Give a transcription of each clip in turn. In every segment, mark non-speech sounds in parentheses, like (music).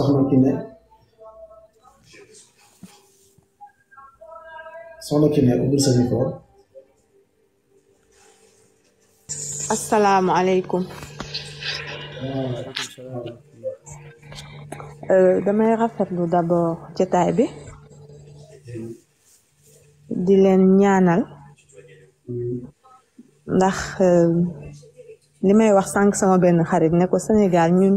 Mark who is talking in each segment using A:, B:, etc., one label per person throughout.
A: soxna Kiné soxna Kiné ubbil sa
B: micro asalaamaaleykum euh, damay rafetlu d'abord jotaay bi di leen ñaanal ndax euh, li may wax sànq sama benn xarit ne ko Sénégal ñun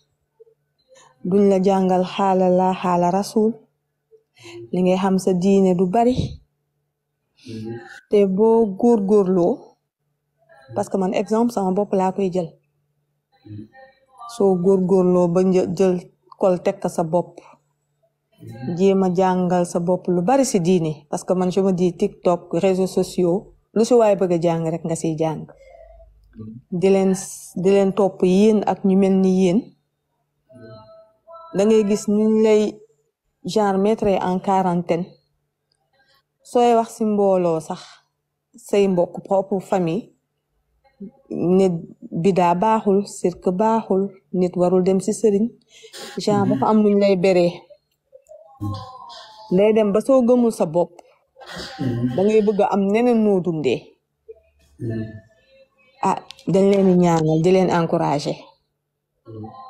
B: duñ la jàngal xaala la xaala rasul li ngay xam sa diine du bari te boo góorgóorloo parce que man exemple sama bopp laa koy jël soo góorgóorloo ba jël kol teg ka sa bopp jéem a jàngal sa bopp lu bari si diine parce que man je tiktok réseaux sociaux lu si waay bëgg a jàng rek nga siy jàng di leen di leen topp yéen ak ñu mel ni yéen da gis ñu lay genre mettre en quarantaine sooy wax si mbooloo sax sey mbokk propre famille ne bidaa baaxul cirque baaxul nit warul dem si sëriñ genre dafa am nuñ lay beree day dem ba soo gëmul sa bopp mm-hmm. da ngay bëgg am neneen noo dundee mm-hmm. ah dañ leen di ñaanal leen encouragé
A: mm-hmm.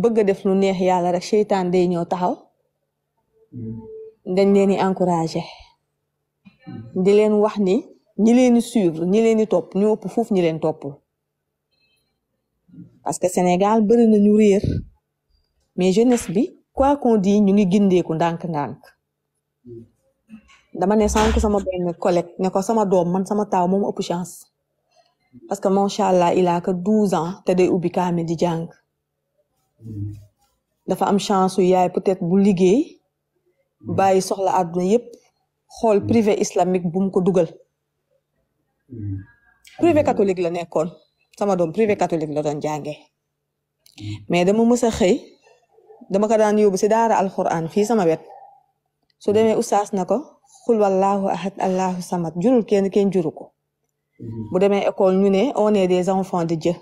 B: bëgg def lu neex yàlla rek seytaan day ñëw taxaw dañ leen di encouragé di leen wax ni ñi leen di suivre ñi leen di ñu ëpp fuuf ñi leen toppul parce que Sénégal bëri na ñu réer mais jeunesse bi quoi qu'on di ñu ngi gindeeku ndànk-ndànk dama ne sànq sama benn collègue ne ko sama doom man sama taaw moom ëpp chance parce que macha allah il a que douze ans te day ubbi kaamil di jàng. dafa am chance su yaay peut-être bu liggéey hmm. bàyyi soxla àdduna yépp xool hmm. privé islamique bu mu ko dugal hmm. privé catholique la nekkoon sama doom privé catholique la doon jàngee mais dama mës a xëy dama ko daan yóbbu si daara alxuraan fii sama wet su demee ustaas na ko xul wallahu ahad allahu samad jurul kenn kenn juru ko bu demee école ñu ne on est des enfants de Dieu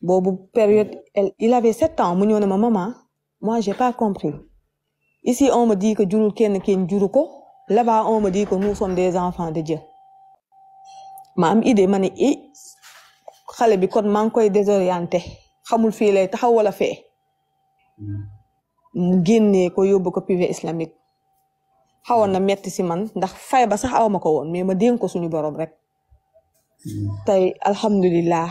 B: boobu période il avait sept ans mu ñëw ma maman moi j'ai pas compris ici on me dit que jurul kenn kenn juru ko là-bas on me dit que nous sommes des enfants de Dieu ma am idée ma ne i eh, xale bi kon maa ngi koy désorienté xamul fii lay taxaw wala fee génnee ko yóbbu ko privé islamique xawoon na metti si man ndax fay ba sax aw ma ko woon mais ma dénk ko suñu borom rek mm. tey alhamdulilah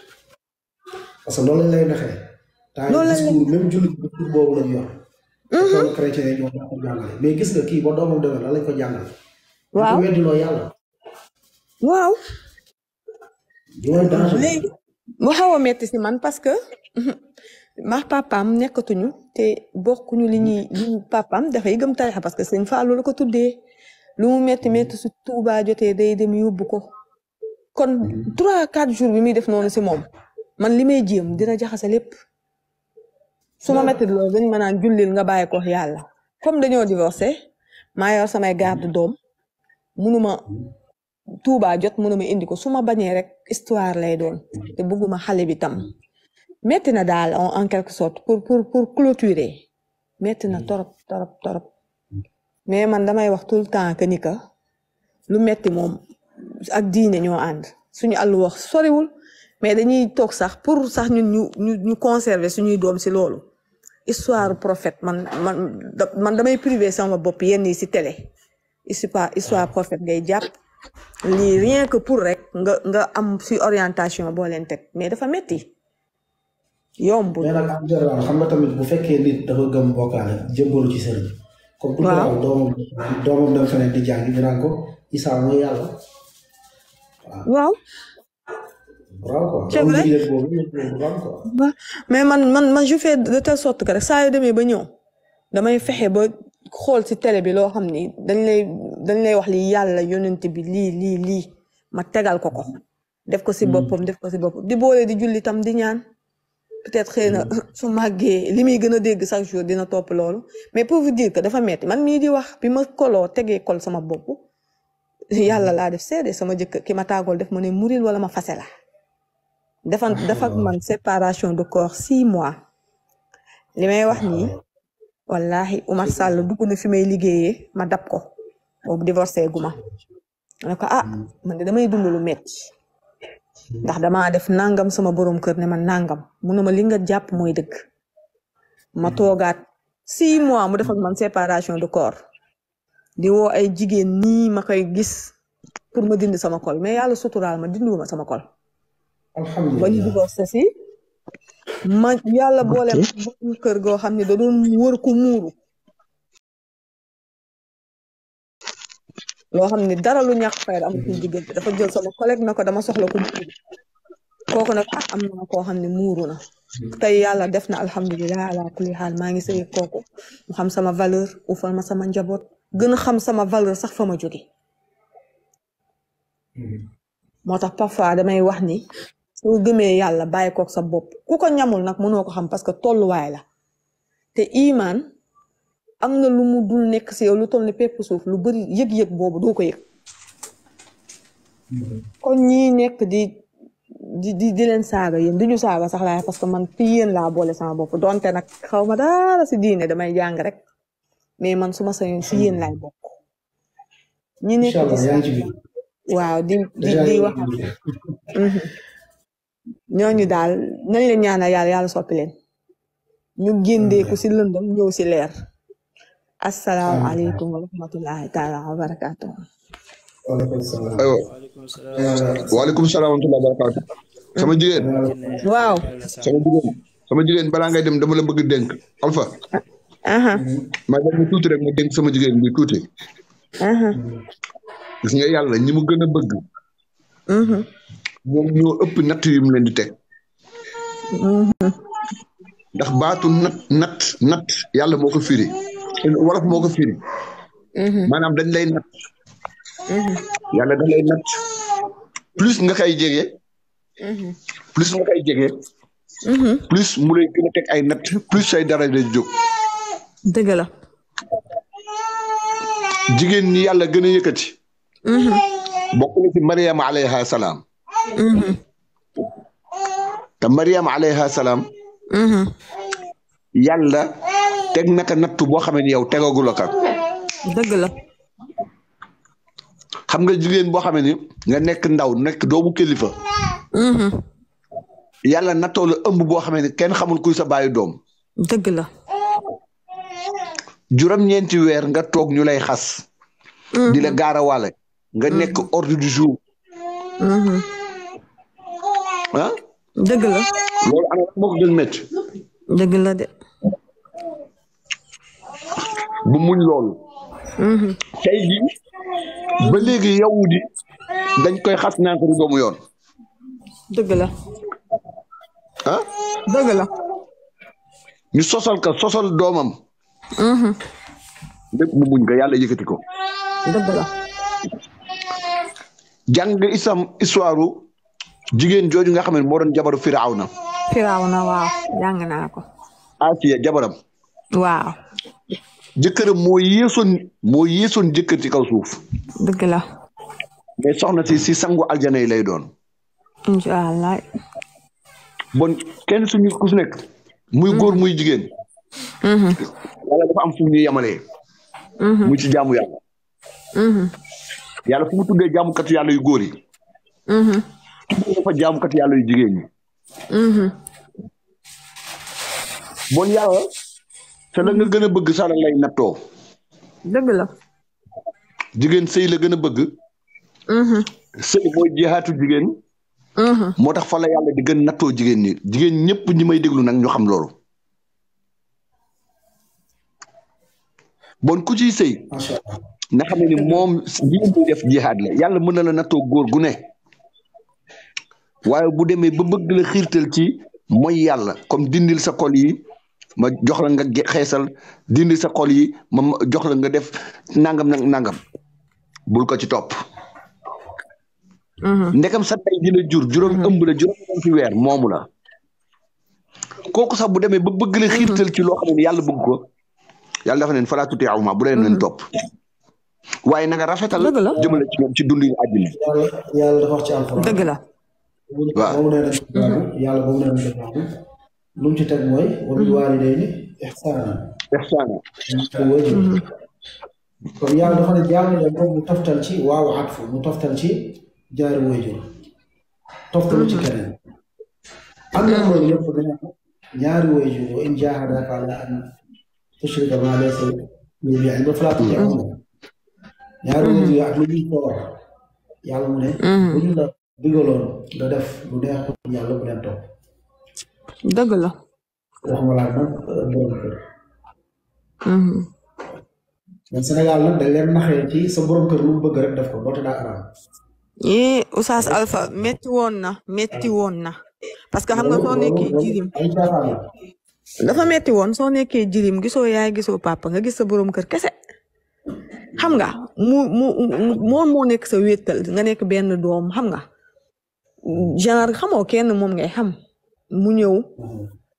A: parce que loolu lay lay même jullit mhm. gis nga kii ba doomam demee lan lañ ko
B: waaw ko metti si man parce que (laughs) ma papaam nekkatuñu te bokkuñu li ñuy li ñu papaam dafay gëm tarixa parce que sëñ Fallou la ko tuddee lu mu metti metti su Touba jotee day dem yóbbu ko kon mhm. trois quatre jours bi muy def noonu si moom. man limay may dina jaxase lépp. su ma loolu dañ ma naan jullil nga bàyyi ko yàlla comme dañoo divorcé maa yor samay garde doom munuma jot indi ko ma bañee rek histoire lay doon te bi tam. metti na daal en quelque sorte pour pour pour clôturer metti na torop torop torop mais man damay wax tout le temps que ni lu metti moom ak diine mais dañuy tok sax pour sax ñun ñu ñu ñu conserver suñuy doom ci lolu histoire prophète man man man damay privé sama bop yenn yi si télé histoire histoire prophète ngay japp li rien que pour rek nga nga am si orientation bo len tek mais dafa metti
A: yomb. mais nag am xam nga tamit bu fekkee nit dafa gëm bokkaale jëmbalu ci sëriñ. comme ku doom doomam doomam dem feneen di jàng ñu naan ko Issa mooy yàlla waaw c'est
B: mais man man man je fais de telle sorte que ça saa mes bagnons ba ñëw damay fexe ba xool ci télé bi loo xam ni dañ lay dañ lay wax li yàlla yonent bi li li li ma tegal ko ko def ko ci hmm. pour def ko ci boppam di boole di julli tam di ñaan peut-être xëy na hmm. (laughs) su màggee li muy dégg chaque jour dina topp loolu mais pour vous dire que dafa metti man mii di wax bi ma koloo tegee kol sama bopp hmm. yalla la def seede sama jëkk ki ma taagool def mon est muril wala ma fase dafa ah, dafa man séparation de corps six mois li may wax nii ah, wallahi Oumar Sall dugg na fi may liggéeyee ma dab ko boobu divorcé gu ma ne ko ah hmm. man de damay dund lu metti hmm. ndax damaa def nangam sama borom kër ne ma nangam munuma li nga jàpp mooy dëgg ma hmm. toogaat six mois mu def ak man séparation de corps di woo ay jigéen nii ma kay gis pour ma dindi sama kol mais yàlla suturaal ma dindiwuma sama kol alhamdulilah ma dugg sasi ma yàlla boole borom kër goo xam ne da doon wër ku muuru loo xam ne dara lu ñàkk fayda am ci diggante dafa jël sama collègue na ko dama soxla ku muuru kooku nag ah am na koo xam ne muuru na tey yàlla def na alhamdulilah ala kulli xaal maa ngi sëy kooku mu xam sama valeur ufal ma sama njaboot gën a xam sama valeur sax fa ma jóge moo tax parfois damay wax ni soo gëmee yàlla bàyyi kook sa bopp ku ko ñamul nag mënoo ko xam parce que tolluwaay la te iimaan am na lu mu dul nekk si yow lu toll ni pepp suuf lu bëri yëg-yëg boobu doo ko yëg kon ñii nekk di di di leen saaga yéen di ñu saaga sax laay parce que man fi yéen laa boole sax bopp donte nag xaw ma dara si diine damay jàng rek mais man su ma sañoon si yéen laay bokk ñi nekk di waaw di di di ñooñu dal, nañ leen ñaanal yàlla yàlla soppi leen ñu géndeeku si lëndam ñëw si leer asalaamaaleykum wa rahmatullahi taala wa barakaatu
C: eh, waaleykum salaam wa rahmatullahi wa sama jigéen waaw sama jigéen sama jigéen balaa ngay dem dama la bëgg dénk alpha ma dem tuuti rek ma dénk sama jigéen bi tuuti gis nga yàlla ñi mu gën a bëgg mhm. ñoom ñoo ëpp natt yu mu leen di teg ndax baatu nat nat nat yàlla moo ko firi wolof moo ko mhm. dañ lay nat mhm. yàlla dañ lay nat plus nga koy jege mhm. plus nga koy jege plus mu lay gën a teg ay natt plus say dara day jóg dëgg la jigéen ñi yàlla gën a yëkkati bokk na ci Mariama salaam Mm-hmm. te Mariam alayha salaam. Mm-hmm. yàlla teg naka nattu boo xam ne yow tegagu la ka. la. xam nga jigéen boo xam ne nga nekk ndaw nekk doomu kilifa. Mm-hmm. yàlla nattoo la ëmb boo xam ne kenn xamul kuy sa baayu doom. dëgg la. juróom weer nga toog ñu lay xas. di la gaarawaale. nga nekk ordre du jour. ah. dëgg la. lool ana moo ko gën dëgg la de. bu muñ loolu. Mhm. tey ba léegi yahudi dañ koy xas naan ko doomu yoon.
B: dëgg la. ah. dëgg la.
C: ñu sosal ka sosal doomam. Mhm. lépp bu muñ ko yàlla yëkkati ko. dëgg la. jàng isam histoire jigéen jooju nga xam ne moo doon jabaru Firawna.
B: na waaw jàng naa ko.
C: Asiya jabaram. waaw. jëkkëram moo yeesoon moo jëkkër ci kaw suuf. dëgg la. mais soxna si si sangu aljana yi lay doon.
B: incha allah.
C: bon kenn suñu ku su nekk. muy góor muy jigéen. Mm-hmm. yàlla dafa am fu ñuy yemalee. Mm-hmm. muy ci jaamu yàlla. Mm-hmm. yàlla fu mu tuddee yàlla yu góor yi. dafa jaamukat jigéen ñi. Mm-hmm. bon yàlla te la gën a bëgg sax lay nattoo. dëgg la. jigéen sëy la gën a bëgg. Mm-hmm. sëy mooy jeexaatu jigéen. Mm-hmm. moo tax fa lay yàlla di gën nattoo jigéen ñi jigéen ñëpp ñi may déglu nag ñu xam loolu. bon ku ciy sëy. na xam ne ni moom lii muy def jeexaat la yàlla mën na la nattoo góor gu ne. waaye bu demee ba bëgg la xiirtal ci mooy yàlla comme dindil sa xol yi ma jox la nga xeesal dindil sa xol yi ma jox la nga def nangam nag nangam bul ko ci topp mm-hmm. ndekam sa tay dina jur juróom mm-hmm. ëmb la juróom fi weer moomu la kooku sax bu demee ba bëgg la mm-hmm. xiirtal ci loo xam ne yàlla bëgg ko yàlla dafa neen falaa tutee awma bu leen leen topp waaye na nga rafetal jëmale ci ñoom ci dund yi àddina
A: yàlla dafa wax ci alxuraan dëgg la waaw boobu nee nañ yàlla boobu nee nañ lu mu ci teg mooy wa bil waalidayni ihsaanan ihsaanan kon yàlla dafa ne jaamu leen ko mu toftal ci waaw atfu mu toftal ci jaari wayjur
C: toftal ci keneen
A: am na loolu lépp ñaari wayjur wa in jaahadaaka ala an tushrika maa laysa laka bihi ilmun falaa mm-hmm. ñaari wayjur ak lu ñuy ko war yàlla mu ne mm-hmm. digaloon nga def lu neex yàlla bu la. waxuma laa euh, mhm. bëgg rek def
B: woon na metti woon na. parce que xam nga soo nekkee jirim metti woon soo nekkee jirim gisoo yaay gisoo papa nga gis sa borom kër kese xam nga mu mu nekk sa wéttal nga nekk benn doom xam nga genre xamoo kenn moom ngay xam mu ñëw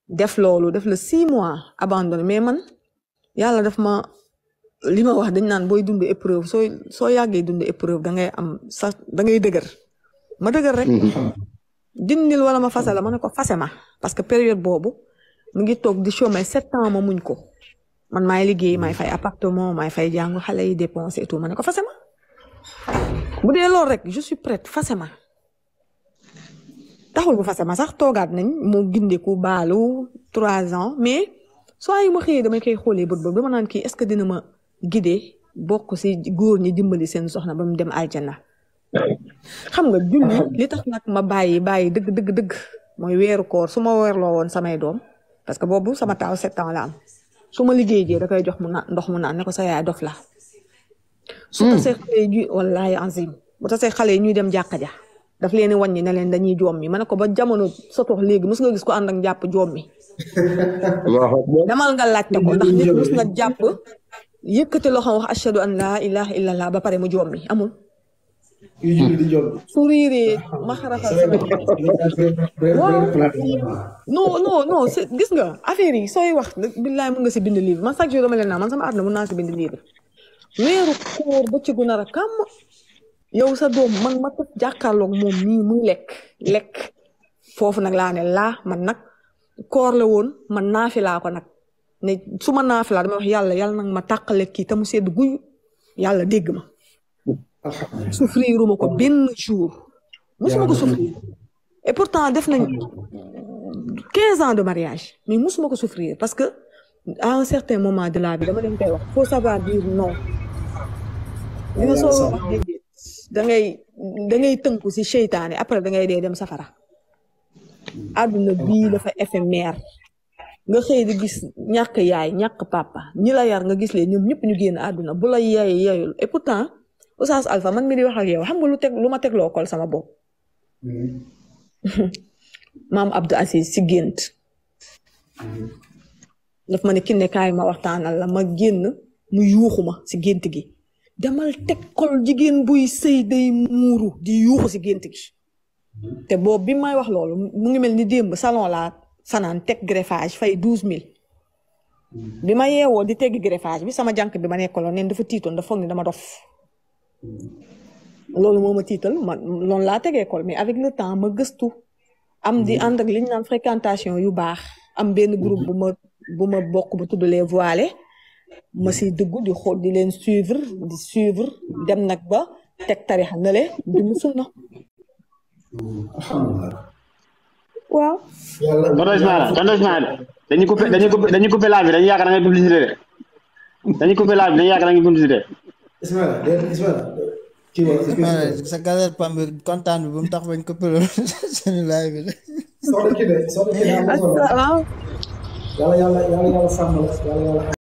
B: def loolu def la six mois abandonné mais man yàlla daf ma li ma wax dañ naan booy dund épreuve soo soo yàggee dund épreuve da ngay am sax da ngay dëgër ma dëgër rek mhm. dindil wala ma fase ma ne ko fase ma parce que période boobu mu ngi toog di chômer sept ans ma muñ ko man maay liggéey maay fay appartement maay fay jàngu xale yi dépense tout ma ne ko fase ma bu dee rek je suis prête fase ma taxul bu fase ma sax toogaat nañ mu gindeeku baalu trois ans mais soit yi ma xëyee damay koy xoolee bët dama naan kii est que dina ma gidee bokk si góor ñi dimbali seen soxna ba mu dem aljana xam nga julli li tax nag ma bàyyi bàyyi dëgg dëgg dëgg mooy weeru koor su ma weerloo woon samay doom parce que boobu sama taaw sept la am su ma liggéey jee da koy jox mu na ndox mu naan ne ko sa yaay dof la su tasee xale yi ñuy wallaahi xale yi ñuy dem jàkka ja daf leen wàññi ne leen dañuy jommi ma ne ko ba jamono sotox léegi mus nga gis ko ànd ak jàpp jommi
A: (laughs) damal nga laajte ko ndax nit mus na
B: jàpp (laughs) yëkkati loxo wax ashadu an la ilaha illallah ba pare mu jommi amul su riiree no, no,
A: sama (laughs)
B: non non non gis nga affaire yi sooy wax billaay mun nga si bind livre man chaque jour dama leen naa man sama àdduna mun naa si bind livre weeru koor ba ci gu nar yow sa doom man ma toog jàkkaarloog moom nii muy lekk lekk foofu nag laa ne laa man nag koor la woon man naafi laa ko nag ne su ma naafi laa dama wax yàlla yàlla nag ma tàqale kii te mu sedd guy yàlla dégg ma souffriruma ko benn jour musuma ko souffrir et pourtant def nañ quinze ans de mariage mais musuma ko souffrir parce que à un certain moment de la vie dama leen koy wax faut savoir dire non dangay ngay tënku si seytaane après da ngay dee dem safara àdduna bii dafa éphémère nga xëy di gis ñàkk yaay ñàkk papa ñi la yar nga gis leen ñoom ñëpp ñu génn àdduna bu la yaay yaayul et pourtant Oustaz Alpha man mi di wax ak xam nga lu teg lu ma teg loo kol sama bopp mm-hmm. maam Abdou Aziz si gént mm-hmm. daf ma ne kinne kaay ma waxtaanal la ma génn mu yuuxu ma si gént gi demal teg kol jigéen buy sëy day muuru di yuuxu si gént gi te boobu bi may wax loolu mu ngi mel ni démb salon laa fanaan teg greffage fay douze mille bi ma yeewoo di teggi greffage bi sama jànk bi ma nekkaloon neen dafa tiitoon dafa foog ni dama dof loolu moom ma tiital man loolu laa tegee école mais avec le temps ma gëstu am di ànd ak li naan fréquentation yu baax am benn groupe bu ma bu ma bokk bu tudd les voilées ma si dugg di xool di leen suivre di suivre dem nag ba teg tarixa na le di mu sunna
A: alhamdulilah waaw tonton Ismaila tonton Ismaila dañu coupé dañu coupé dañu bi dañu yaakaar da ngay publicité de dañu coupé live bi dañu yaakaar da ngay publicité Ismaila Ismaila kii sa gazette pam bi kontaan bi bu mu tax bañ coupé (laughs) bi